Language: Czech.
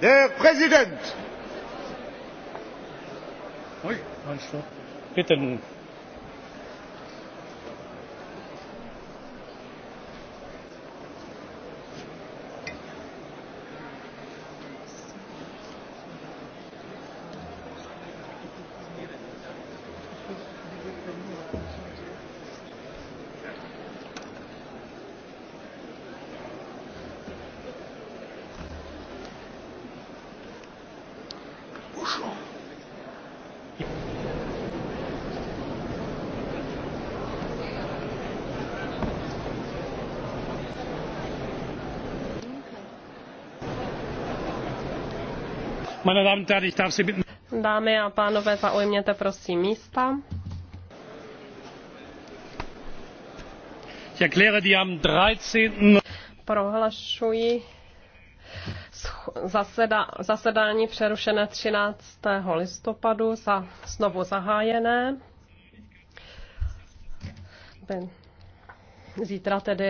Der Präsident! Ui, Bitte. Dámy a pánové, zaujměte prosím místa. Prohlašuji zaseda, zasedání přerušené 13. listopadu za znovu zahájené. Zítra tedy